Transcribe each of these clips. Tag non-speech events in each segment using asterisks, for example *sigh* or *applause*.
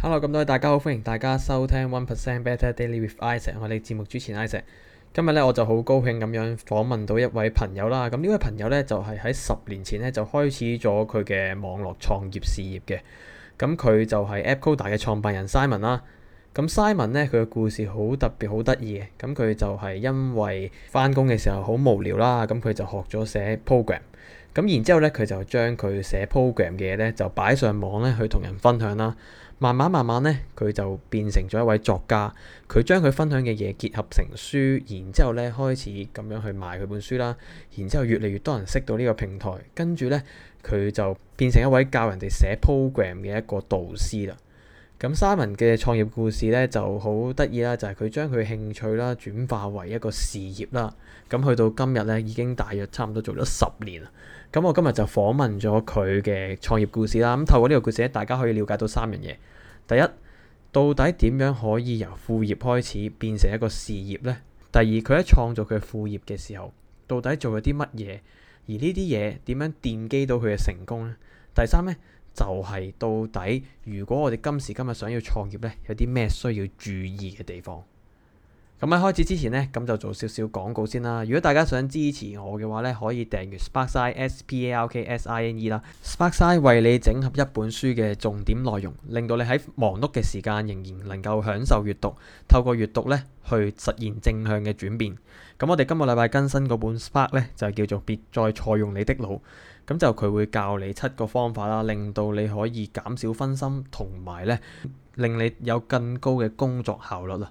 Hello，咁多位大家好，歡迎大家收聽 One Percent Better Daily with Isaac，我哋節目主持 Isaac。今日咧，我就好高興咁樣訪問到一位朋友啦。咁呢位朋友咧，就係喺十年前咧就開始咗佢嘅網絡創業事業嘅。咁佢就係 AppCoda 嘅創辦人 Simon 啦。咁 Simon 咧，佢嘅故事好特別，好得意嘅。咁佢就係因為翻工嘅時候好無聊啦，咁佢就學咗寫 program。咁然之後咧，佢就將佢寫 program 嘅嘢咧就擺上網咧去同人分享啦。慢慢慢慢咧，佢就變成咗一位作家。佢將佢分享嘅嘢結合成書，然之後咧，開始咁樣去賣佢本書啦。然之後越嚟越多人識到呢個平台，跟住咧佢就變成一位教人哋寫 program 嘅一個導師啦。咁 Simon 嘅創業故事咧就好得意啦，就係佢將佢興趣啦轉化為一個事業啦。咁去到今日咧，已經大約差唔多做咗十年啦。咁我今日就訪問咗佢嘅創業故事啦。咁透過呢個故事，大家可以了解到三樣嘢：第一，到底點樣可以由副業開始變成一個事業呢？第二，佢喺創造佢嘅副業嘅時候到底做咗啲乜嘢？而呢啲嘢點樣奠基到佢嘅成功呢？第三呢，就係到底如果我哋今時今日想要創業呢，有啲咩需要注意嘅地方？咁喺開始之前呢，咁就做少少廣告先啦。如果大家想支持我嘅話呢，可以訂閱 Sparkside S P A R K S I N E 啦。Sparkside 為你整合一本書嘅重點內容，令到你喺忙碌嘅時間仍然能夠享受閱讀。透過閱讀呢去實現正向嘅轉變。咁我哋今個禮拜更新嗰本 Spark 呢，就叫做別再錯用你的腦。咁就佢會教你七個方法啦，令到你可以減少分心，同埋呢令你有更高嘅工作效率啦。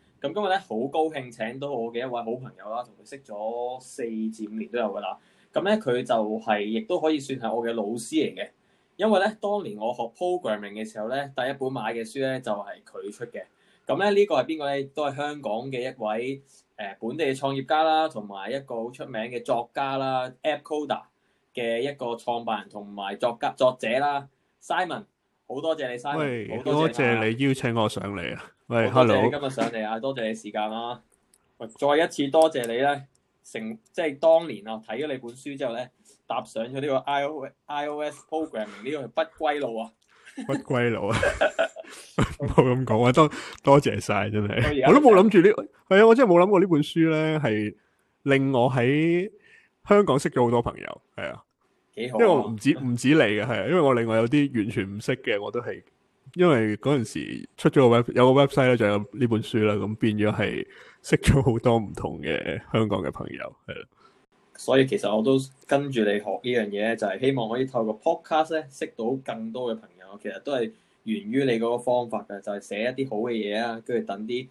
咁今日咧好高興請到我嘅一位好朋友啦，同佢識咗四至五年都有噶啦。咁咧佢就係亦都可以算係我嘅老師嚟嘅，因為咧當年我學 programming 嘅時候咧，第一本買嘅書咧就係佢出嘅。咁咧呢個係邊個咧？都係香港嘅一位誒、呃、本地創業家啦，同埋一個好出名嘅作家啦喂，App Coda 嘅一個創辦人同埋作家作者啦，Simon。好多謝你，Simon 喂。好多謝你邀請我上嚟啊！喂，多謝你今日上嚟啊，多謝你時間啦。再一次多謝你咧，成即係當年啊，睇咗你本書之後咧，踏上咗呢個 iOS iOS Programming 呢個係，不歸路啊，不歸路啊，冇咁講啊，多多謝晒，真係，我都冇諗住呢，係啊，我真係冇諗過呢本書咧係令我喺香港識咗好多朋友，係啊，幾好，因為我唔止唔止你嘅，係啊，因為我另外有啲完全唔識嘅，我都係。因為嗰陣時出咗個 web 有個 website 咧就有呢本書啦，咁變咗係識咗好多唔同嘅香港嘅朋友，係啦。所以其實我都跟住你學呢樣嘢，就係希望可以透過 podcast 咧識到更多嘅朋友。其實都係源於你嗰個方法嘅，就係寫一啲好嘅嘢啊，跟住等啲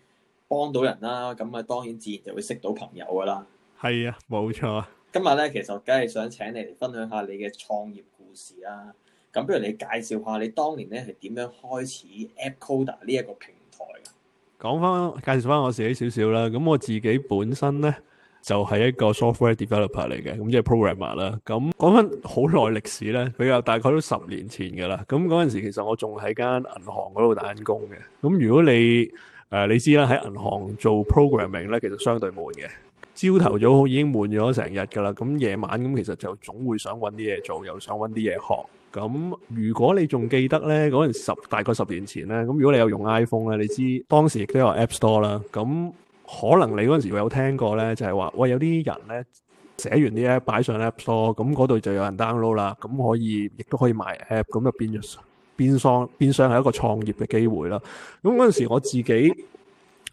幫到人啦，咁啊當然自然就會識到朋友噶啦。係啊，冇錯。今日咧其實我梗係想請你嚟分享下你嘅創業故事啦。咁，不如你介紹下你當年咧係點樣開始 AppCoder 呢一個平台嘅？講翻介紹翻我自己少少啦。咁我自己本身咧就係一個 software developer 嚟嘅，咁即係 programmer 啦。咁講翻好耐歷史咧，比較大概都十年前㗎啦。咁嗰陣時其實我仲喺間銀行嗰度打緊工嘅。咁如果你誒你知啦，喺銀行做 programming 咧，其實相對悶嘅。朝頭早已經悶咗成日㗎啦。咁夜晚咁其實就總會想揾啲嘢做，又想揾啲嘢學。咁如果你仲記得咧，嗰陣十大概十年前咧，咁如果你有用 iPhone 咧，你知當時亦都有 App Store 啦。咁可能你嗰陣時有聽過咧，就係話，喂，有啲人咧寫完啲 App 擺上 App Store，咁嗰度就有人 download 啦，咁可以亦都可以賣 App，咁就變咗變相，變相係一個創業嘅機會啦。咁嗰陣時我自己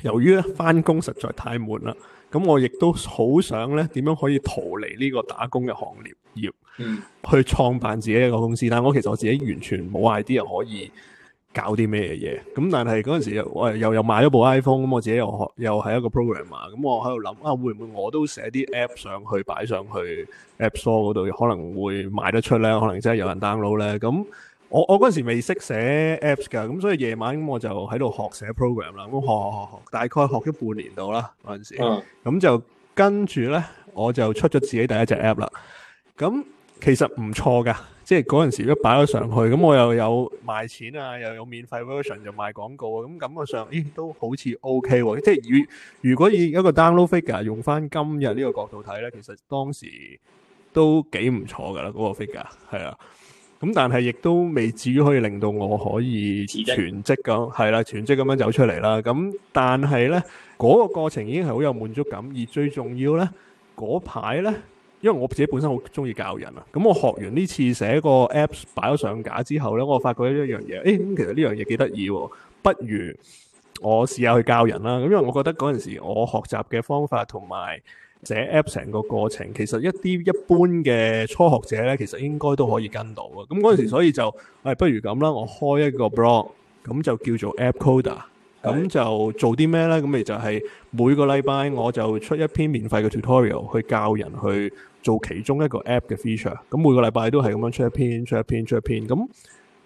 由於咧翻工實在太悶啦。咁我亦都好想咧，點樣可以逃離呢個打工嘅行業業，去創辦自己一個公司。但係我其實我自己完全冇 idea 可以搞啲咩嘢。咁但係嗰陣時，我又又買咗部 iPhone，咁、嗯、我自己又學，又係一個 programmer 咁、嗯、我喺度諗啊，會唔會我都寫啲 app 上去擺上去 App Store 度，可能會賣得出咧？可能真係有人 download 咧？咁、嗯。我我嗰時未識寫 apps 噶咁、嗯、所以夜晚咁我就喺度學寫 program 啦，咁、嗯、學學學學，大概學咗半年到啦，嗰陣時，咁、uh huh. 嗯、就跟住咧，我就出咗自己第一隻 app 啦。咁、嗯、其實唔錯噶即係嗰陣時一擺咗上去，咁、嗯、我又有賣錢啊，又有免費 version 又賣廣告啊，咁感覺上咦、欸、都好似 OK 喎，即係如如果以一個 download figure 用翻今日呢個角度睇咧，其實當時都幾唔錯噶啦嗰個 figure，係啊。咁但係亦都未至於可以令到我可以全職咁係啦，全職咁樣走出嚟啦。咁但係呢，嗰個過程已經係好有滿足感。而最重要呢，嗰排呢，因為我自己本身好中意教人啊。咁我學完呢次寫個 Apps 擺咗上架之後呢，我發覺一樣嘢，誒、哎、咁其實呢樣嘢幾得意喎，不如我試下去教人啦。咁因為我覺得嗰陣時我學習嘅方法同埋，寫 app 成個過程，其實一啲一般嘅初學者咧，其實應該都可以跟到嘅。咁嗰陣時，所以就誒、嗯哎，不如咁啦，我開一個 blog，咁就叫做 AppCoder，咁、嗯、就做啲咩咧？咁咪就係每個禮拜我就出一篇免費嘅 tutorial 去教人去做其中一個 app 嘅 feature。咁每個禮拜都係咁樣出一篇、出一篇、出一篇。咁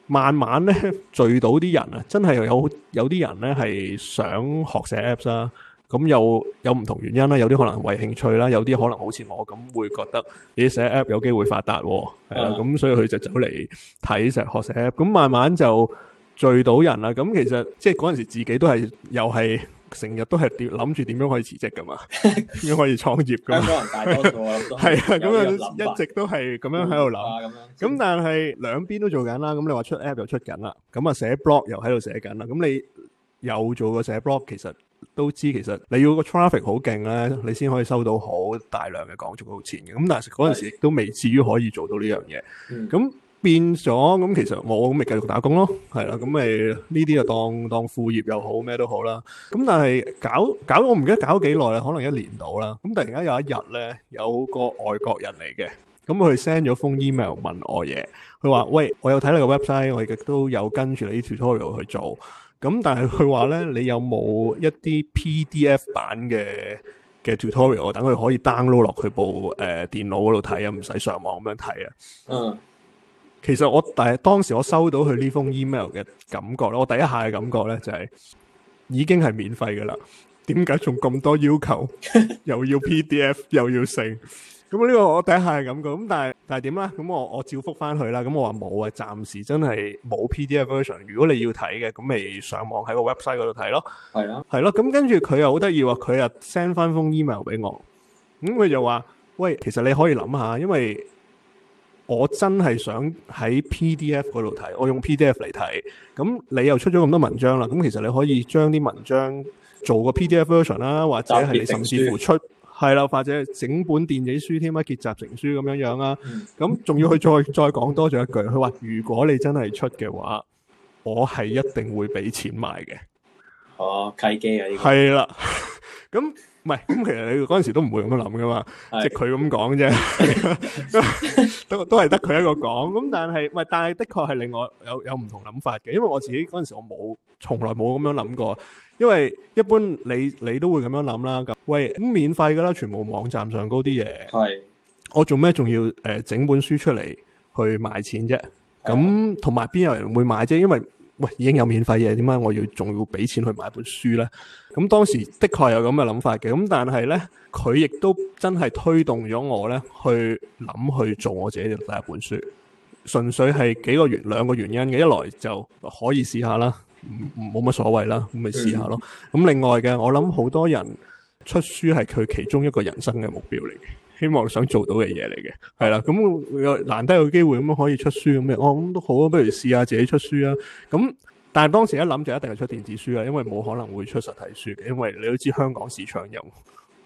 慢慢咧聚到啲人啊，真係有有啲人咧係想學寫 apps 啊。咁又有唔同原因啦，有啲可能為興趣啦，有啲可能好似我咁會覺得，你寫 app 有機會發達，係啦，咁所以佢就走嚟睇，石學寫 app，咁慢慢就聚到人啦。咁其實即係嗰陣時自己都係又係成日都係點諗住點樣可以辭職噶嘛，點樣可以創業噶嘛，係啊，咁樣一直都係咁樣喺度諗。咁但係兩邊都做緊啦，咁你話出 app 又出緊啦，咁啊寫 blog 又喺度寫緊啦，咁你又做個寫 blog，其實。都知其實你要個 traffic 好勁咧，你先可以收到好大量嘅廣告錢嘅。咁但係嗰陣時亦都未至於可以做到呢樣嘢。咁、嗯、變咗咁，其實我咪繼續打工咯，係啦。咁咪呢啲就當當副業又好，咩都好啦。咁但係搞搞我唔記得搞幾耐啦，可能一年到啦。咁突然間有一日咧，有個外國人嚟嘅，咁佢 send 咗封 email 問我嘢。佢話：喂，我有睇你個 website，我亦都有跟住你啲 tutorial 去做。咁但係佢話呢，你有冇一啲 PDF 版嘅嘅 tutorial？我等佢可以 download 落去部誒電腦嗰度睇啊，唔使上網咁樣睇啊。嗯，其實我但係當時我收到佢呢封 email 嘅感覺咧，我第一下嘅感覺呢就係已經係免費噶啦，點解仲咁多要求？又要 PDF，又要成。咁呢個我第一下係咁嘅，咁但係但係點咧？咁我我照覆翻佢啦。咁我話冇啊，暫時真係冇 PDF version。如果你要睇嘅，咁咪上網喺個 website 嗰度睇咯。係啊的，係咯。咁跟住佢又好得意喎，佢又 send 翻封 email 俾我。咁、嗯、佢就話：喂，其實你可以諗下，因為我真係想喺 PDF 嗰度睇，我用 PDF 嚟睇。咁你又出咗咁多文章啦，咁其實你可以將啲文章做個 PDF version 啦，或者係你甚至乎出。係啦，或者整本電子書添啊，結集成書咁樣樣啦。咁仲、嗯、要去再 *laughs* 再講多咗一句，佢話：如果你真係出嘅話，我係一定會俾錢買嘅。哦，契機啊！呢個係啦，咁。 *laughs* 嗯唔係，咁其實你嗰陣時都唔會咁樣諗噶嘛，即係佢咁講啫， *laughs* *laughs* 都都係得佢一個講。咁但係，唔係，但係的確係令我有有唔同諗法嘅，因為我自己嗰陣時我冇，從來冇咁樣諗過。因為一般你你都會咁樣諗啦。咁，喂，免費㗎啦，全部網站上高啲嘢。係是的。我做咩仲要誒整本書出嚟去賣錢啫？咁同埋邊有人會買啫？因為喂，已經有免費嘢，點解我要仲要俾錢去買本書呢？咁當時的確有咁嘅諗法嘅，咁但係呢，佢亦都真係推動咗我呢去諗去做我自己嘅第一本書，純粹係幾個原兩個原因嘅，一來就可以試下啦，冇乜所謂啦，咁咪試下咯。咁另外嘅，我諗好多人出書係佢其中一個人生嘅目標嚟嘅。希望想做到嘅嘢嚟嘅，係啦，咁又難得有機會，咁可以出書咁嘅，哦，咁都好啊，不如試下自己出書啊。咁但係當時一諗就一定係出電子書啦，因為冇可能會出實體書嘅，因為你都知香港市場有，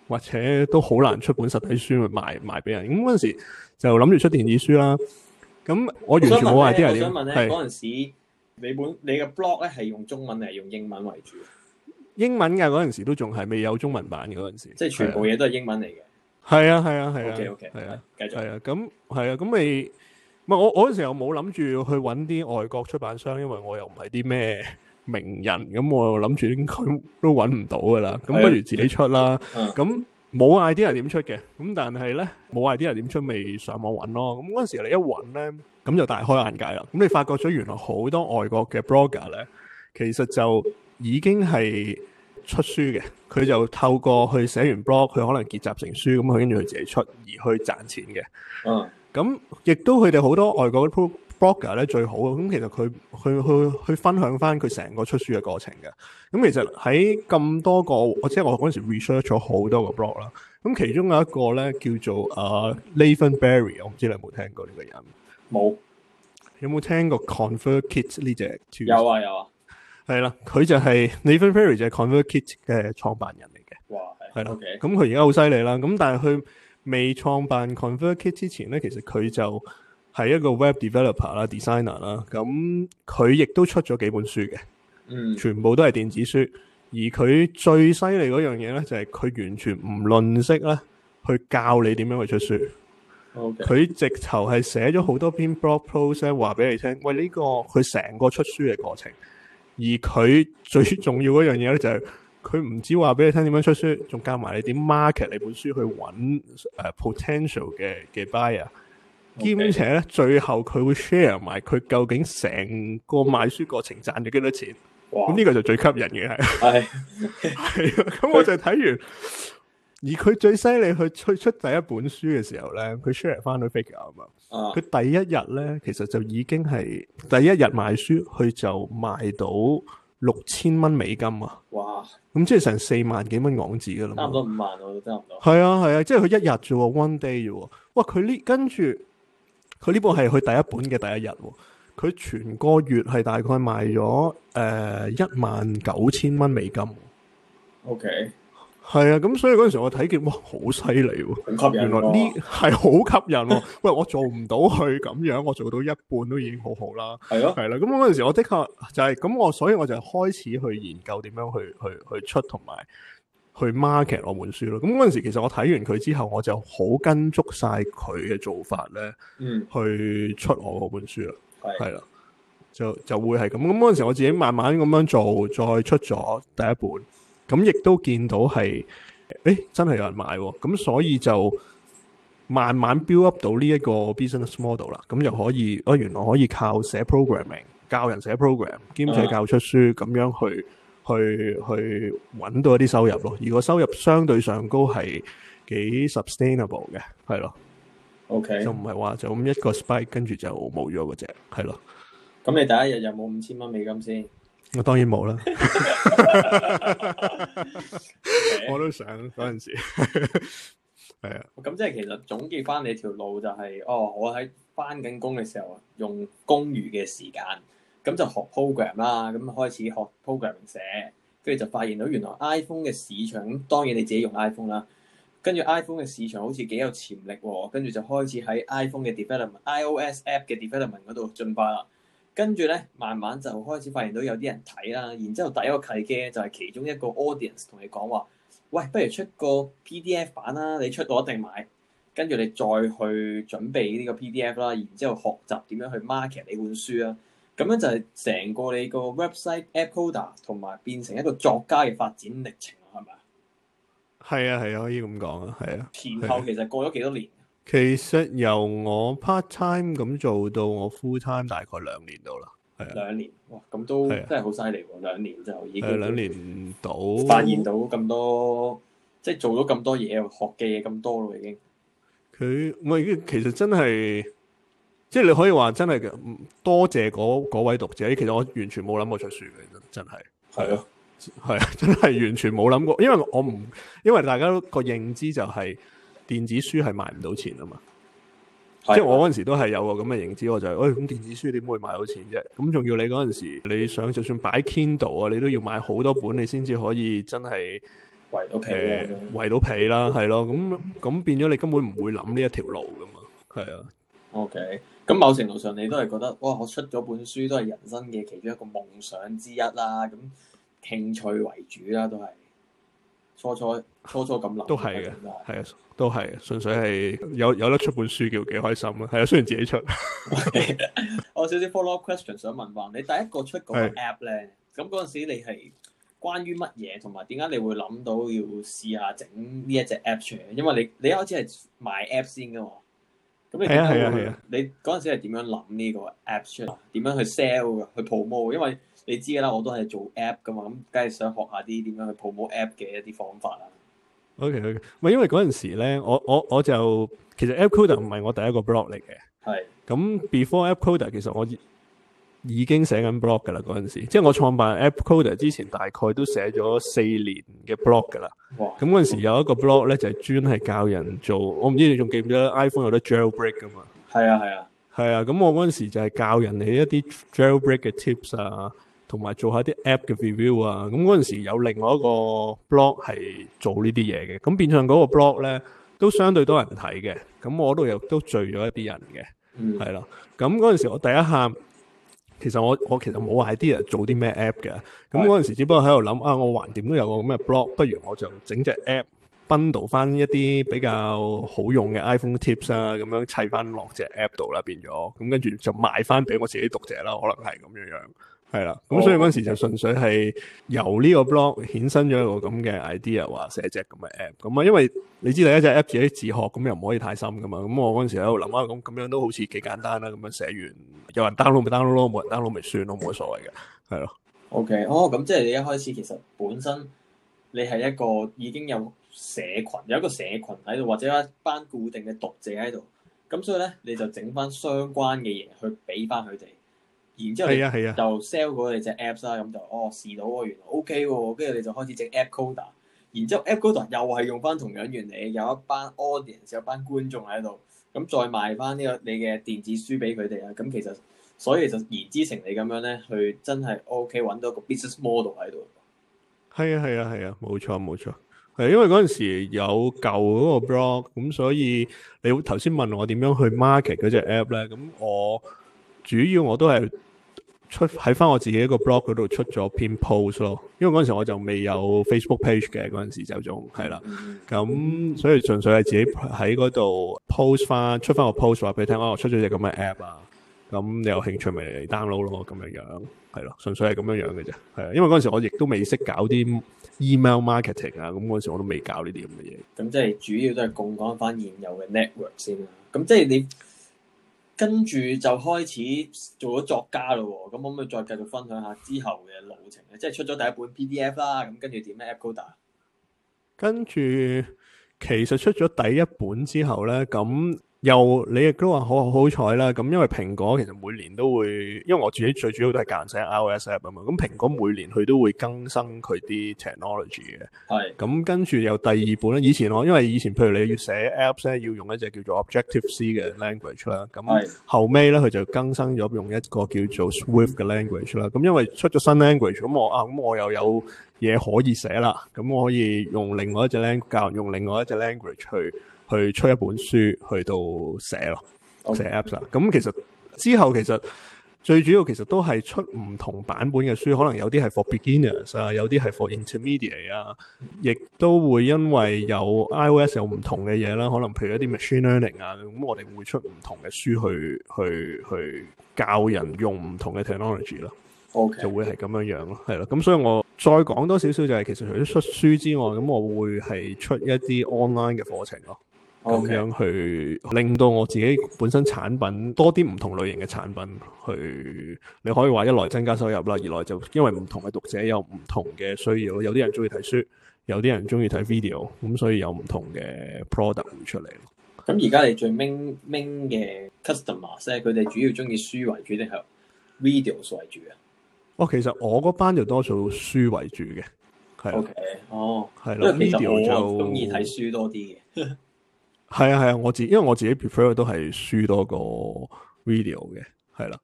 或者都好難出本實體書去賣賣俾人。咁嗰陣時就諗住出電子書啦。咁我完全冇話啲人咧，係嗰陣時你本你嘅 blog 咧係用中文定係用英文為主？英文嘅嗰陣時都仲係未有中文版嘅嗰陣時，即係全部嘢都係英文嚟嘅。係啊係啊係啊，OK 係啊，繼續係啊，咁係啊，咁咪唔係我我嗰陣時又冇諗住去揾啲外國出版商，因為我又唔係啲咩名人，咁我又諗住佢都揾唔到噶啦，咁不如自己出啦。咁冇、嗯、idea 點出嘅，咁但係咧冇 idea 點出，未上網揾咯。咁嗰陣時你一揾咧，咁就大開眼界啦。咁你發覺咗原來好多外國嘅 blogger 咧，其實就已經係。出書嘅，佢就透過去寫完 blog，佢可能結集成書，咁佢跟住佢自己出而去賺錢嘅。嗯、uh，咁、huh。亦都佢哋好多外國嘅 blogger 咧，最好。咁其實佢佢去去分享翻佢成個出書嘅過程嘅。咁其實喺咁多個，即我知我嗰陣時 research 咗好多個 blog 啦。咁其中有一個咧叫做阿、uh, Nathan Barry，我唔知你有冇聽過呢個人？冇沒。有冇聽過 ConvertKit 呢隻、啊？有啊有啊。係啦，佢就係 Nathan Ferry 就係 ConvertKit 嘅創辦人嚟嘅。哇，係係啦，咁佢而家好犀利啦。咁但係佢未創辦 ConvertKit 之前咧，其實佢就係一個 Web Developer 啦、Designer 啦。咁佢亦都出咗幾本書嘅，嗯，全部都係電子書。而佢最犀利嗰樣嘢咧，就係、是、佢完全唔論式咧，去教你點樣去出書。佢 Okay. 直頭係寫咗好多篇 blog post r c e 咧，話俾你聽。喂，呢、這個佢成個出書嘅過程。而佢最重要嗰樣嘢咧，就係佢唔只話俾你聽點樣出書，仲教埋你點 market 你本書去揾誒、呃、potential 嘅嘅 buyer，兼且咧最後佢會 share 埋佢究竟成個賣書過程賺咗幾多錢。咁呢哇、嗯這個就最吸引嘅係。係。係啊、 *laughs* *laughs* *laughs* 嗯，咁我就睇完。 *laughs* 而佢最犀利去推出第一本書嘅時候咧，佢 share 翻到比較啊嘛。佢第一日咧，其實就已經係第一日賣書，佢就賣到六千蚊美金啊！哇！咁即係成四萬幾蚊港紙嘅啦，差唔多五萬喎，差唔多。係啊係啊，即係佢一日做喎，one day 啫喎。哇！佢呢跟住佢呢部係佢第一本嘅第一日喎。佢全個月係大概賣咗誒一萬九千蚊美金。OK。係啊，咁所以嗰陣時我睇見，哇，好犀利喎！啊、原來呢係好吸引喎！啊， *laughs* 喂，我做唔到佢咁樣，我做到一半都已經好好啦。係咯、啊，係啦、啊，咁嗰陣時我的確就係、是、咁，我所以我就開始去研究點樣去去去，去出同埋去 market 我本書咯。咁嗰陣時其實我睇完佢之後，我就好跟足晒佢嘅做法咧，嗯，去出我嗰本書啦，係啦、啊啊，就就會係咁。咁嗰陣時我自己慢慢咁樣做，再出咗第一本。咁亦都見到係，誒、欸、真係有人買喎，咁所以就慢慢 build up 到呢一個 business model 啦。咁又可以，我原來可以靠寫 programming、教人寫 program、兼且教出書，咁、啊、樣去去去揾到一啲收入咯。如果收入相對上高，係幾 sustainable 嘅，係咯 Okay.。OK，就唔係話就咁一個 spike，跟住就冇咗嗰隻，係咯。咁你第一日有冇五千蚊美金先？我當然冇啦 *laughs* *laughs* ，我都想嗰陣時，啊。咁即係其實總結翻你條路就係、是，哦，我喺翻緊工嘅時候，用公餘嘅時間，咁就學 program 啦，咁開始學 program 寫，跟住就發現到原來 iPhone 嘅市場，當然你自己用 iPhone 啦，跟住 iPhone 嘅市場好似幾有潛力，跟住就開始喺 iPhone 嘅 development、iOS app 嘅 development 嗰度進化啦。跟住咧，慢慢就開始發現到有啲人睇啦。然之後第一個契機就係其中一個 audience 同你講話，喂，不如出個 PDF 版啦。你出到一定買，跟住你再去準備呢個 PDF 啦。然之後學習點樣去 market 你本書啦。咁樣就係成個你個 website uploader 同埋變成一個作家嘅發展歷程，係咪啊？係啊，係啊係可以咁講啊，係啊。前後其實過咗幾多年。其實由我 part time 咁做到我 full time 大概兩年到啦，係啊，兩年哇，咁都真係好犀利，兩、啊、年就已經係兩年到，發現到咁多，即係、嗯、做咗咁多嘢，學嘅嘢咁多咯，已經。佢我已經，其實真係，即係你可以話真係嘅，多謝嗰位讀者。其實我完全冇諗過出書嘅，真真係。係啊，係真係完全冇諗過，因為我唔，因為大家都個認知就係、是。電子書係賣唔到錢啊嘛，即係我嗰陣時都係有個咁嘅認知，我就係：喂，咁電子書點會賣到錢啫？咁仲要你嗰陣時，你想就算擺 Kindle 啊，你都要買好多本，你先至可以真係圍到皮，圍到皮啦，係咯。咁咁變咗你根本唔會諗呢一條路㗎嘛。係啊。OK，咁某程度上你都係覺得，哇！我出咗本書都係人生嘅其中一個夢想之一啦。咁興趣為主啦，都係。初初初初咁諗，都係嘅，係啊，都係啊，純粹係有有得出本書叫幾開心咯。係啊，雖然自己出。 *laughs* *laughs* 我少少 follow up question 想問翻你，第一個出嗰個 app 咧，的，咁嗰陣時你係關於乜嘢？同埋點解你會諗到要試下整呢一隻 app 嘅？因為你你開始係賣 app 先噶嘛？咁你係啊係啊係啊，你嗰陣時係點樣諗呢個 app 出？點樣去 sell 噶？去 promote？因為你知噶啦，我都係做 app 噶嘛，咁梗係想學下啲點樣去 promo app 嘅一啲方法啦。OK OK，唔係因為嗰陣時咧，我我我就其實 app coder 唔係我第一個 blog 嚟嘅。係。咁 before app coder，其實我已已經寫緊 blog 噶啦嗰陣時，即係我創辦 app coder 之前，大概都寫咗四年嘅 blog 噶啦。哇！咁嗰陣時有一個 blog 咧，就係專係教人做。我唔知你仲記唔記得 iPhone 有得 jailbreak 噶嘛？係啊係啊。係啊，咁我嗰陣時就係教人哋一啲 jailbreak 嘅 tips 啊。同埋做下啲 App 嘅 review 啊，咁嗰陣時有另外一個 blog 係做呢啲嘢嘅，咁變相嗰個 blog 咧都相對多人睇嘅，咁我度又都聚咗一啲人嘅，係啦，嗯。咁嗰陣時我第一下，其實我我其實冇 idea 做啲咩 App 嘅，咁嗰陣時只不過喺度諗啊，我橫掂都有個咁嘅 blog，不如我就整隻 App bundle 翻一啲比較好用嘅 iPhone tips 啊，咁樣砌翻落隻 App 度啦，變咗，咁跟住就賣翻俾我自己讀者啦，可能係咁樣樣。係啦，咁所以嗰時就純粹係由呢個 blog 衍生咗一個咁嘅 idea，話寫隻咁嘅 app。咁啊，因為你知第一隻 app 自己自學，咁又唔可以太深噶嘛。咁我嗰時喺度諗啊，咁咁樣都好似幾簡單啦。咁樣寫完，有人 download 咪 download 咯，冇人 download 咪算咯，冇乜所謂嘅，係咯。OK，哦，咁即係你一開始其實本身你係一個已經有社群，有一個社群喺度，或者一班固定嘅讀者喺度。咁所以咧，你就整翻相關嘅嘢去俾翻佢哋。然之後係啊，係啊，就 sell 過你隻 app 啦，咁就哦試到喎，原來 O K 喎，跟住你就開始整 app coder。Oder，然之後 app coder 又係用翻同樣原理，有一班 audience，有班觀眾喺度，咁再賣翻呢個你嘅電子書俾佢哋啊。咁其實所以就言之成理咁樣咧，佢真係 O K 揾到個 business model 喺度。係啊，係啊，係啊，冇錯冇錯，係因為嗰陣時有舊嗰個 blog，咁所以你頭先問我點樣去 market 隻 app 咧，咁我。主要我都係出喺翻我自己一個 blog 嗰度出咗篇 post 咯，因為嗰陣時我就未有 Facebook page 嘅，嗰陣時就仲係啦。咁、嗯、所以純粹係自己喺嗰度 post 翻出翻個 post 話俾你聽、啊，我出咗隻咁嘅 app 啊，咁你有興趣咪嚟 download 咯，咁樣樣係咯，純粹係咁樣樣嘅啫。係啊，因為嗰陣時我亦都未識搞啲 email marketing 啊，咁嗰陣時我都未搞呢啲咁嘅嘢。咁即係主要都係共講翻現有嘅 network 先啦、啊。咁即係你。跟住就開始做咗作家咯喎，咁可唔可以再繼續分享下之後嘅路程咧？即係出咗第一本 PDF 啦，咁跟住點咧？a p o d a 跟住其實出咗第一本之後咧，咁。又你亦都話好好彩啦，咁因為蘋果其實每年都會，因為我自己最主要都係揀寫 iOS app，啊嘛，咁蘋果每年佢都會更新佢啲 technology 嘅。係。咁跟住又第二本咧，以前我因為以前譬如你要寫 apps 咧，要用一隻叫做 Objective C 嘅 language 啦，咁後尾咧佢就更新咗用一個叫做 Swift 嘅 language 啦，咁因為出咗新 language，咁我啊咁我又有嘢可以寫啦，咁我可以用另外一隻 language，用另外一隻 language 去。去出一本書去到寫咯，Okay. 寫 Apps 啊。咁其實之後其實最主要其實都係出唔同版本嘅書，可能有啲係 for beginners 啊，有啲係 for intermediate 啊，亦都會因為有 iOS 有唔同嘅嘢啦，可能譬如一啲 machine learning 啊，咁我哋會出唔同嘅書去去去教人用唔同嘅 technology 咯。Okay. 就會係咁樣樣咯，係咯。咁所以我再講多少少就係、係、其實除咗出書之外，咁我會係出一啲 online 嘅課程咯。咁 Okay. 樣去令到我自己本身產品多啲唔同類型嘅產品去，你可以話一來增加收入啦，二來就因為唔同嘅讀者有唔同嘅需要，有啲人中意睇書，有啲人中意睇 video，咁所以有唔同嘅 product 出嚟。咁而家你最 main 嘅 customers 咧，佢、就、哋、是、主要中意書為主定係 video 為主啊？我、哦、其實我嗰班就多數書為主嘅，係啦。O、okay. K，哦，video 就中意睇書多啲嘅。 *laughs* 係啊係啊，我自己因為我自己 prefer 都係書多過 video 嘅，係啦、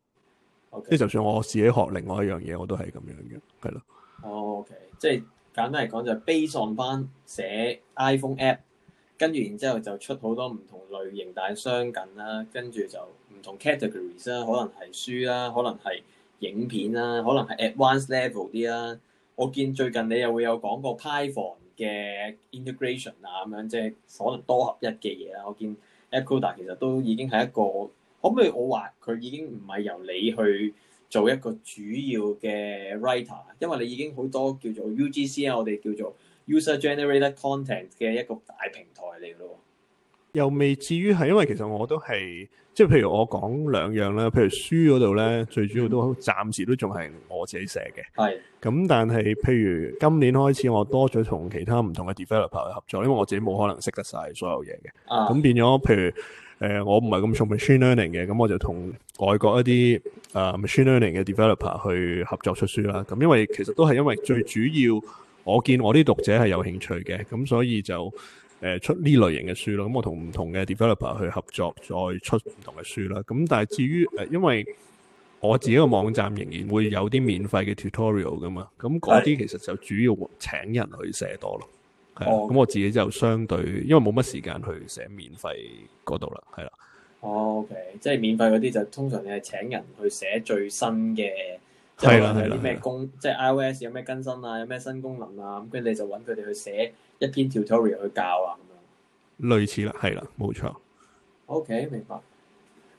啊。即係 Okay. 就算我自己學另外一樣嘢，我都係咁樣嘅，係咯、啊。哦，OK，即係簡單嚟講就係悲壯班寫 iPhone app，跟住然之後就出好多唔同類型，但係相近啦、啊，跟住就唔同 categories 啦、啊，可能係書啦、啊，可能係影片啦、啊，可能係 advanced level 啲啦、啊。我見最近你又會有講過 Python。嘅 integration 啊，咁樣即係可能多合一嘅嘢啦。我見 Ecuador 其實都已經係一個，可唔可以我話佢已經唔係由你去做一個主要嘅 writer，因為你已經好多叫做 UGC 啊，我哋叫做 user-generated content 嘅一個大平台嚟嘅咯。又未至於係，因為其實我都係，即係譬如我講兩樣啦，譬如書嗰度咧，最主要都暫時都仲係我自己寫嘅。係咁的，但係譬如今年開始，我多咗同其他唔同嘅 developer 去合作，因為我自己冇可能識得晒所有嘢嘅。咁、啊、變咗，譬如誒、呃，我唔係咁重 machine learning 嘅，咁我就同外國一啲誒 machine learning 嘅 developer 去合作出書啦。咁因為其實都係因為最主要，我見我啲讀者係有興趣嘅，咁所以就。誒出呢類型嘅書啦，咁我同唔同嘅 developer 去合作，再出唔同嘅書啦。咁但係至於誒，因為我自己個網站仍然會有啲免費嘅 tutorial 噶嘛，咁嗰啲其實就主要請人去寫多咯。係，哦，咁我自己就相對，因為冇乜時間去寫免費嗰度啦，係啦。哦，OK，即係免費嗰啲就通常你係請人去寫最新嘅，係啦係啦，咩工，的的即係 iOS 有咩更新啊，有咩新功能啊，咁跟住你就揾佢哋去寫。一篇 tutorial 去教啊，咁類似啦，係啦，冇錯。OK，明白。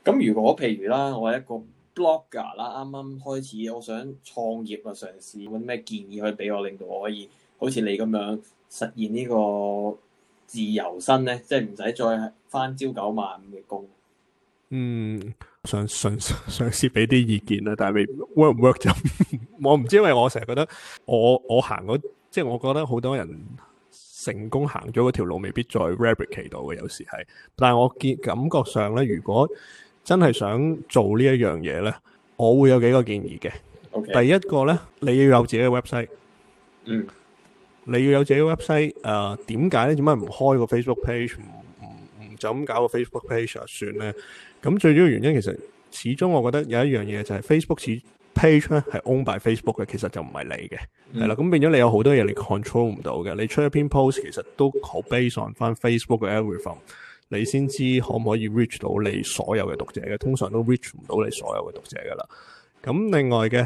咁如果譬如啦，我係一個 blogger 啦，啱啱開始，我想創業啊，嘗試搵咩建議可以俾我，令到我可以好似你咁樣實現呢個自由身咧？即係唔使再返朝九晚五嘅工。嗯，想嘗嘗試俾啲意見啦，但係未必 work 唔 work 就， *laughs* 我唔知，因為我成日覺得，我我行嗰，即係，我覺得好多人。成功行咗嗰條路，未必再 replicate 到嘅。有時係，但係我見感覺上咧，如果真係想做呢一樣嘢咧，我會有幾個建議嘅。Okay. 第一個咧，你要有自己嘅 website。嗯。你要有自己嘅 website，誒點解咧？點解唔開個 Facebook page？唔唔就咁搞個 Facebook page，啊，算咧？咁最主要原因其實，始終我覺得有一樣嘢就係 Facebook 始。page 咧係 own by Facebook 嘅，其實就唔係你嘅，係啦、嗯，咁變咗你有好多嘢你 control 唔到嘅。你出一篇 post 其實都好 based on 翻 Facebook 嘅 everything 你先知可唔可以 reach 到你所有嘅讀者嘅，通常都 reach 唔到你所有嘅讀者噶啦。咁另外嘅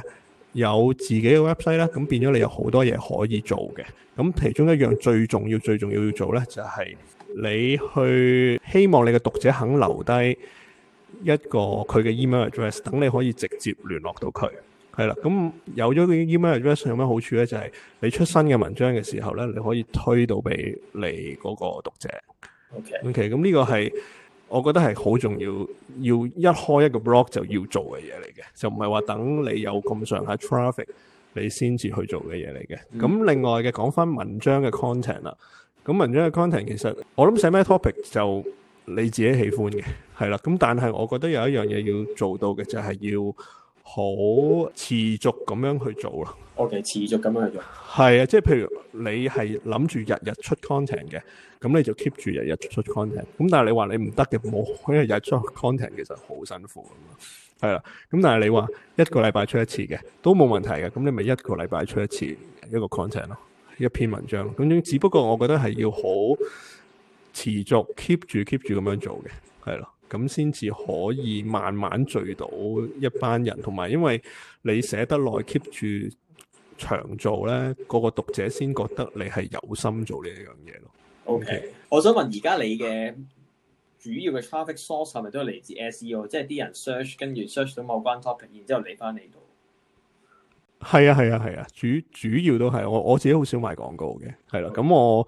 有自己嘅 website 啦，咁變咗你有好多嘢可以做嘅。咁其中一樣最重要、最重要要做咧，就係、是、你去希望你嘅讀者肯留低。一個佢嘅 email address，等你可以直接聯絡到佢。係啦，咁有咗個 email address 有咩好處咧？就係、是、你出新嘅文章嘅時候咧，你可以推到俾你嗰個讀者。OK，咁呢個係我覺得係好重要，要一開一個 blog 就要做嘅嘢嚟嘅，就唔係話等你有咁上下 traffic 你先至去做嘅嘢嚟嘅。咁、mm hmm. 另外嘅講返文章嘅 content 啦，咁文章嘅 content 其實我諗寫咩 topic 就。你自己喜歡嘅，係啦。咁但係，我覺得有一樣嘢要做到嘅，就係要好持續咁樣去做啦。OK，持續咁樣去做。係啊，即係譬如你係諗住日日出 content 嘅，咁你就 keep 住日日出 content。咁但係你話你唔得嘅，冇，因為日日出 content 其實好辛苦啊嘛。係啦，咁但係你話一個禮拜出一次嘅都冇問題嘅，咁你咪一個禮拜出一次一個 content 咯，一篇文章。咁樣，只不過我覺得係要好持續 keep 住 keep 住咁樣做嘅，係咯，咁先至可以慢慢聚到一班人，同埋因為你寫得耐，keep 住長做咧，個個讀者先覺得你係有心做呢一樣嘢咯。O Okay. K，Okay. 我想問而家你嘅主要嘅 traffic source 係咪都嚟自 S E O？即係啲人 search 跟住 search 到某關 topic，然之後嚟返你度。係 *noise* 啊係啊係啊，啊，啊，主主要都係我我自己好少賣廣告嘅，係咯、啊，咁 Okay. 我。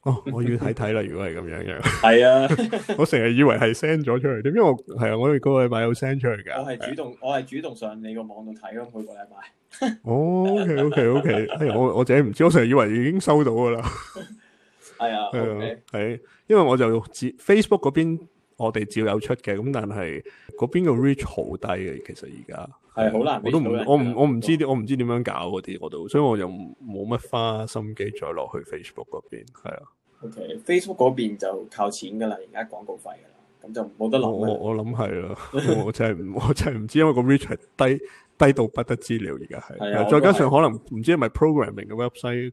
*laughs* 哦，我要睇睇啦，如果係咁樣樣，係 *laughs* *laughs* 啊，我成日以為係 send 咗出嚟，點解我係啊？我哋個禮拜有 send 出嚟噶，我係主動，啊、我係主動上你個網度睇咯，每個禮拜。 *laughs* 哦 OK，OK，OK，哎，我我自己唔知，我成日以為已經收到噶啦。係啊，係，因為我就自 Facebook 嗰邊。我哋照有出嘅，咁但係嗰邊個 reach 好低嘅，其實而家係好難，我都唔我唔我唔知我唔知點樣搞嗰啲，我都所以我又冇乜花心機再落去 Facebook 嗰邊，係啊。O K，Facebook 嗰邊就靠錢㗎啦，而家廣告費㗎啦，咁就冇得諗。我我諗係咯，我真係我真係唔知，因為個 reach 低低到不得之了，而家係，再加上可能唔知係咪 programming 嘅 website，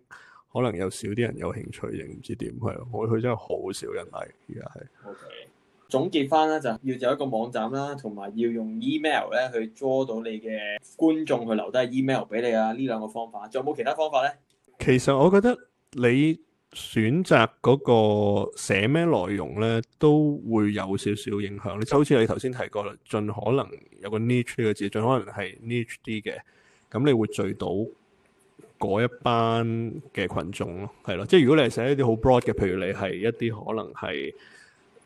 可能有少啲人有興趣，亦唔知點係，我去真係好少人嚟，而家係。總結翻啦，就要有一個網站啦，同埋要用 email 咧，去 draw 到你嘅觀眾去留低 email 俾你啊！呢兩個方法，仲有冇其他方法咧？其實我覺得你選擇嗰個寫咩內容咧，都會有少少影響。你就好似你頭先提過啦，盡可能有個 niche 嘅字，盡可能係 niche 啲嘅，咁你會聚到嗰一班嘅群眾咯，係咯。即係如果你係寫一啲好 broad 嘅，譬如你係一啲可能係。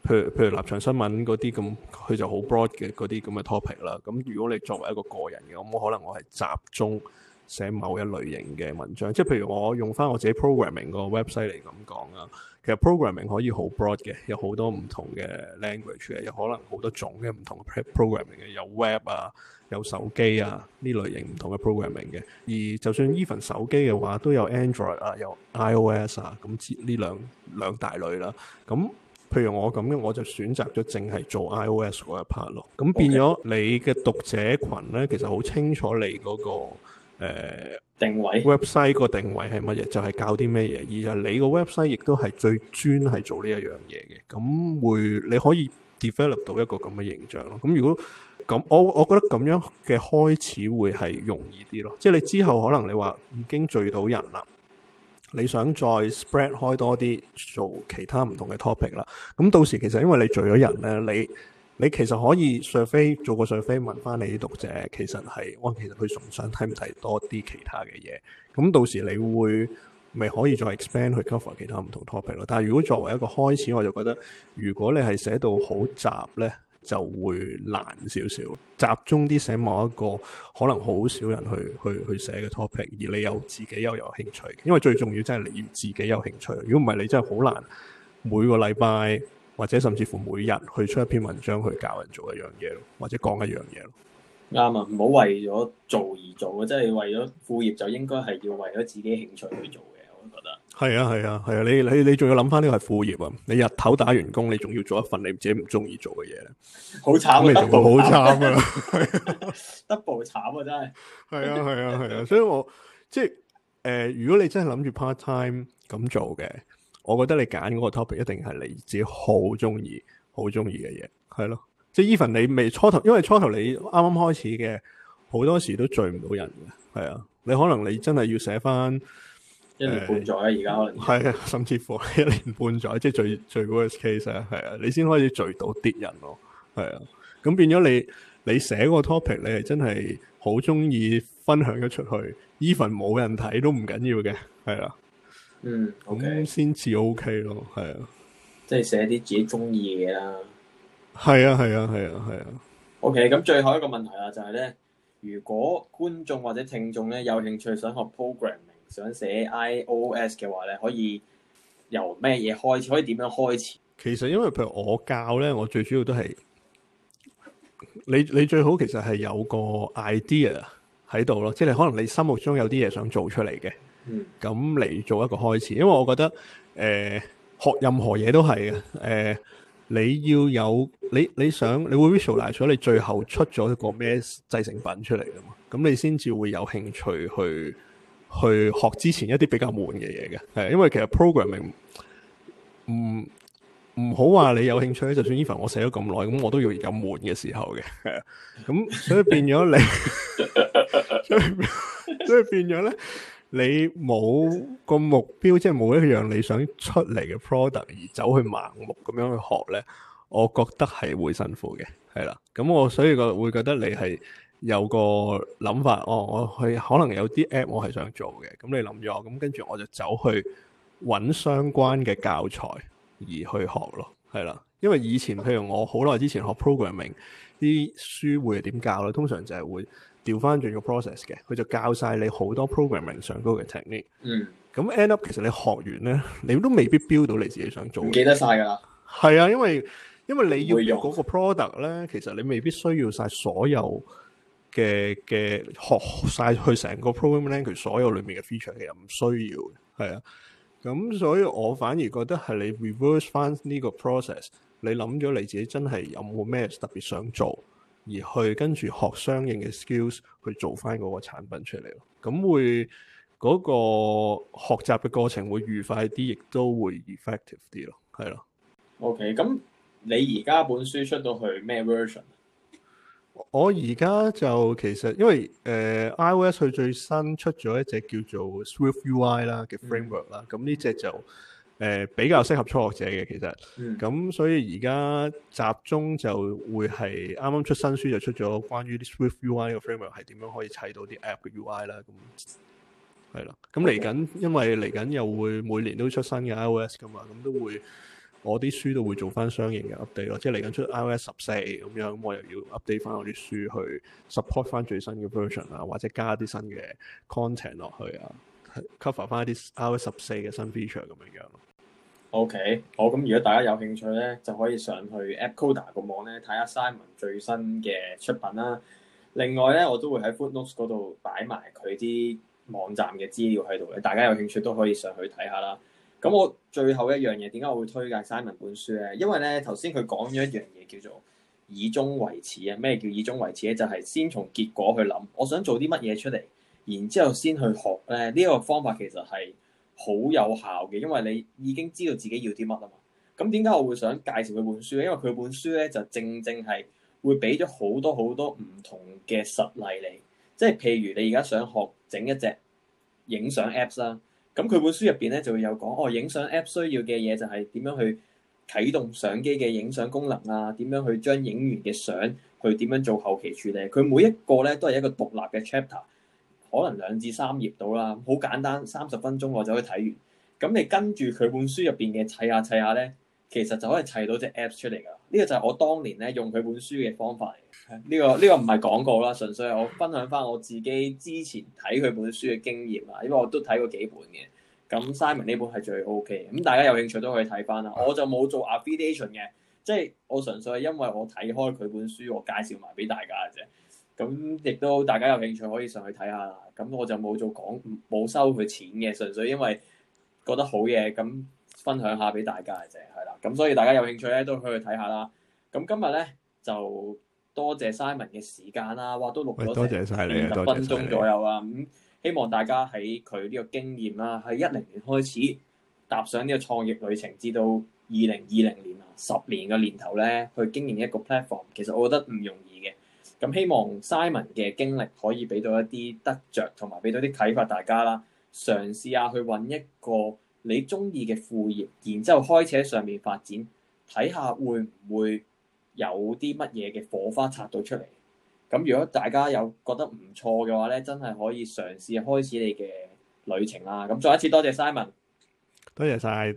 譬如譬如立場新聞嗰啲咁，佢就好 broad 嘅嗰啲咁嘅 topic 啦。咁如果你作為一個個人嘅，咁可能我係集中寫某一類型嘅文章。即係譬如我用翻我自己 programming 個 website 嚟咁講啊，其實 programming 可以好 broad 嘅，有好多唔同嘅 language 嘅，有可能好多種嘅唔同嘅 programming 嘅，有 web 啊，有手機啊呢類型唔同嘅 programming 嘅。而就算 even 手機嘅話，都有 Android 啊，有 iOS 啊，咁呢兩兩大類啦。咁譬如我咁嘅，我就選擇咗淨係做 iOS 嗰一 part 咯。咁變咗你嘅讀者群咧，其實好清楚你嗰個、呃、定位 website 個定位係乜嘢，就係教啲咩嘢，而係你個 website 亦都係最專係做呢一樣嘢嘅。咁會你可以 develop 到一個咁嘅形象咯。咁如果咁，我我覺得咁樣嘅開始會係容易啲咯。即係你之後可能你話已經聚到人啦。你想再 spread 開多啲做其他唔同嘅 topic 啦，咁到時其實因為你聚咗人咧，你你其實可以 survey 做個 survey 問翻你啲讀者，其實係我其實佢仲想睇唔睇多啲其他嘅嘢，咁到時你會咪可以再 expand 去 cover 其他唔同 topic 咯。但係如果作為一個開始，我就覺得如果你係寫到好雜咧。就會難少少，集中啲寫某一個可能好少人去去去寫嘅 topic，而你有自己又有興趣。因為最重要真係你自己有興趣。如果唔係，你真係好難每個禮拜或者甚至乎每日去出一篇文章去教人做一樣嘢，或者講一樣嘢。啱啊，唔好為咗做而做，即係為咗副業就應該係要為咗自己興趣去做。係啊，係啊，係啊！你你你仲要諗翻呢個係副業啊？你日頭打完工，你仲要做一份你自己唔中意做嘅嘢，好慘啊！好慘啊！double 慘啊！真係係啊，係啊，係啊！所以我即係誒，如果你真係諗住 part time 咁做嘅，我覺得你揀嗰個 topic 一定係你自己好中意、好中意嘅嘢，係咯。即係 even 你未初頭，因為初頭你啱啱開始嘅，好多時都聚唔到人嘅，係啊。你可能你真係要寫翻。一年半載，啊，而家可能係啊，哎，甚至乎一年半載，即係最最 worst case 啊，係啊，你先開始聚到啲人咯，係啊，咁變咗你你寫個 topic，你係真係好中意分享咗出去，even 冇人睇都唔緊要嘅，係啊，嗯，咁先至 OK 咯，係啊，即係寫啲自己中意嘅嘢啦，係啊，係啊，係啊，係啊，OK，咁最後一個問題啊，就係、是、咧，如果觀眾或者聽眾咧有興趣想學 program。想寫 iOS 嘅話咧，可以由咩嘢開始？可以點樣開始？其實因為譬如我教咧，我最主要都係你你最好其實係有個 idea 喺度咯，即係你可能你心目中有啲嘢想做出嚟嘅。嗯，咁嚟做一個開始。因為我覺得誒、呃，學任何嘢都係誒、呃，你要有你你想你會 visualize 咗你最後出咗一個咩製成品出嚟噶嘛？咁你先至會有興趣去。去學之前一啲比較悶嘅嘢嘅，係因為其實 programming m、嗯、唔唔好話你有興趣咧，就算 even 我寫咗咁耐，咁我都要有悶嘅時候嘅，係啊，咁所以變咗你 *laughs* *laughs* 所變，所以所以變咗咧，你冇個目標，即係冇一樣你想出嚟嘅 product 而走去盲目咁樣去學咧，我覺得係會辛苦嘅，係啦，咁我所以個會覺得你係。有個諗法，哦，我去可能有啲 app 我係想做嘅，咁、嗯、你諗咗，咁跟住我就走去揾相關嘅教材而去學咯，係啦，因為以前譬如我好耐之前學 programming 啲書會點教咧？通常就係會調翻轉個 process 嘅，佢就教晒你好多 programming 上高嘅 technique。嗯，咁 end up 其實你學完咧，你都未必 build 到你自己想做。唔記得晒㗎啦，係啊，因為因為你要用嗰個 product 咧，其實你未必需要晒所有。嘅嘅學晒佢成個 programming language 所有裏面嘅 feature，其實唔需要嘅，係啊。咁所以我反而覺得係你 reverse 翻呢個 process，你諗咗你自己真係有冇咩特別想做，而去跟住學相應嘅 skills 去做翻嗰個產品出嚟咯。咁會嗰、嗰個學習嘅過程會愉快啲，亦都會 effective 啲咯。係咯。OK，咁你而家本書出到去咩 version？我而家就其實，因為誒、呃、iOS 佢最新出咗一隻叫做 SwiftUI 啦嘅 framework 啦、嗯，咁呢隻就誒、呃、比較適合初學者嘅其實，咁、嗯、所以而家集中就會係啱啱出新書就出咗關於 *music* 啲 SwiftUI 呢個 framework 係點樣可以砌到啲 app 嘅 UI 啦，咁係啦，咁嚟緊因為嚟緊又會每年都出新嘅 iOS 噶嘛，咁都會。我啲書都會做翻相應嘅 update 咯，即係嚟緊出 iOS 十四咁樣，我又要 update 翻我啲書去 support 翻最新嘅 version 啊，或者加啲新嘅 content 落去啊，cover 翻一啲 iOS 十四嘅新 feature 咁樣樣。OK，好，咁如果大家有興趣咧，就可以上去 AppCoda 個網咧睇下 Simon 最新嘅出品啦。另外咧，我都會喺 Footnotes 嗰度擺埋佢啲網站嘅資料喺度嘅，大家有興趣都可以上去睇下啦。咁我最後一樣嘢，點解我會推介 Simon 本書咧？因為咧頭先佢講咗一樣嘢叫做以終為始啊！咩叫以終為始咧？就係、是、先從結果去諗，我想做啲乜嘢出嚟，然之後先去學咧。呢、呃這個方法其實係好有效嘅，因為你已經知道自己要啲乜啊嘛。咁點解我會想介紹佢本書咧？因為佢本書咧就正正係會俾咗好多好多唔同嘅實例嚟，即係譬如你而家想學整一隻影相 Apps 啦、啊。咁佢本書入邊咧就會有講，哦，影相 app 需要嘅嘢就係點樣去啟動相機嘅影相功能啊，點樣去將影完嘅相，去點樣做後期處理。佢每一個咧都係一個獨立嘅 chapter，可能兩至三頁到啦，好簡單，三十分鐘我就可以睇完。咁你跟住佢本書入邊嘅砌下砌下咧，其實就可以砌，砌到隻 app 出嚟噶。呢個就係我當年咧用佢本書嘅方法嚟，呢、這個呢、這個唔係廣告啦，純粹係我分享翻我自己之前睇佢本書嘅經驗啦，因為我都睇過幾本嘅，咁 Simon 呢本係最 O K 嘅，咁、嗯、大家有興趣都可以睇翻啦，我就冇做 Affiliation 嘅，即係我純粹係因為我睇開佢本書，我介紹埋俾大家啫，咁亦都大家有興趣可以上去睇下啦，咁我就冇做廣冇收佢錢嘅，純粹因為覺得好嘢咁。分享下俾大家嘅啫，係啦，咁所以大家有興趣咧都可以睇下啦。咁今日咧就多謝，謝 Simon 嘅時間啦，哇，都錄咗成二十分鐘左右啊。咁、嗯、希望大家喺佢呢個經驗啦、啊，喺一零年開始踏上呢個創業旅程，至到二零二零年啊，十年嘅年頭咧去經營一個 platform，其實我覺得唔容易嘅。咁希望 Simon 嘅經歷可以俾到一啲得着，同埋俾到啲啟發大家啦，嘗試下去揾一個。你中意嘅副業，然之後開始喺上面發展，睇下會唔會有啲乜嘢嘅火花擦到出嚟。咁如果大家有覺得唔錯嘅話咧，真係可以嘗試開始你嘅旅程啦。咁再一次謝謝多謝 Simon，多謝晒。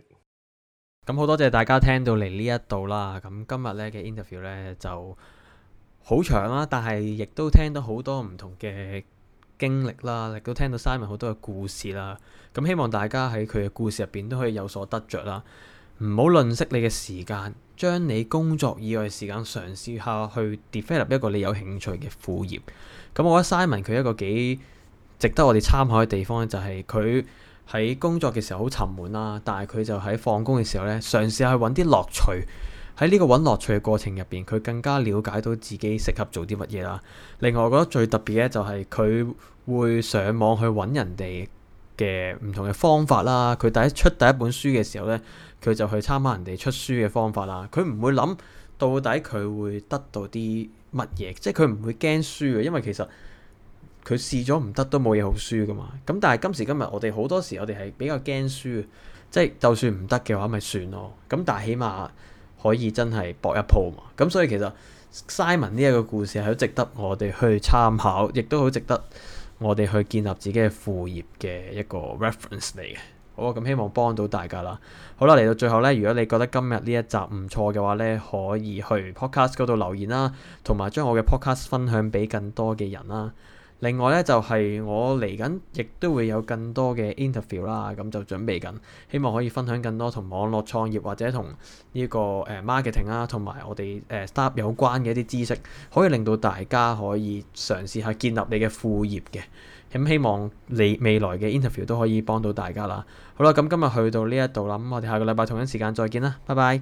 咁好多謝大家聽到嚟呢一度啦。咁今日咧嘅 interview 咧就好長啦，但係亦都聽到好多唔同嘅。經歷啦，亦都聽到 Simon 好多嘅故事啦。咁希望大家喺佢嘅故事入邊都可以有所得着啦。唔好吝惜你嘅時間，將你工作以外嘅時間嘗試下去 develop 一個你有興趣嘅副業。咁我覺得 Simon 佢一個幾值得我哋參考嘅地方咧，就係佢喺工作嘅時候好沉悶啦，但係佢就喺放工嘅時候咧，嘗試下去揾啲樂趣。喺呢個揾樂趣嘅過程入邊，佢更加了解到自己適合做啲乜嘢啦。另外，我覺得最特別嘅就係佢會上網去揾人哋嘅唔同嘅方法啦。佢第一出第一本書嘅時候呢，佢就去參考人哋出書嘅方法啦。佢唔會諗到底佢會得到啲乜嘢，即係佢唔會驚輸嘅，因為其實佢試咗唔得都冇嘢好輸噶嘛。咁但係今時今日，我哋好多時我哋係比較驚輸，即係就算唔得嘅話，咪算咯。咁但係起碼，可以真係搏一鋪嘛？咁所以其實 Simon 呢一個故事係好值得我哋去參考，亦都好值得我哋去建立自己嘅副業嘅一個 reference 嚟嘅。好啊，咁希望幫到大家啦。好啦，嚟到最後呢，如果你覺得今日呢一集唔錯嘅話呢，可以去 Podcast 嗰度留言啦、啊，同埋將我嘅 Podcast 分享俾更多嘅人啦、啊。另外咧就係、是、我嚟緊，亦都會有更多嘅 interview 啦。咁就準備緊，希望可以分享更多同網絡創業或者同呢、這個誒、呃、marketing 啊，同埋我哋誒 staff 有關嘅一啲知識，可以令到大家可以嘗試下建立你嘅副業嘅。咁希望你未來嘅 interview 都可以幫到大家啦。好啦，咁今日去到呢一度啦，咁我哋下個禮拜同一時間再見啦，拜拜。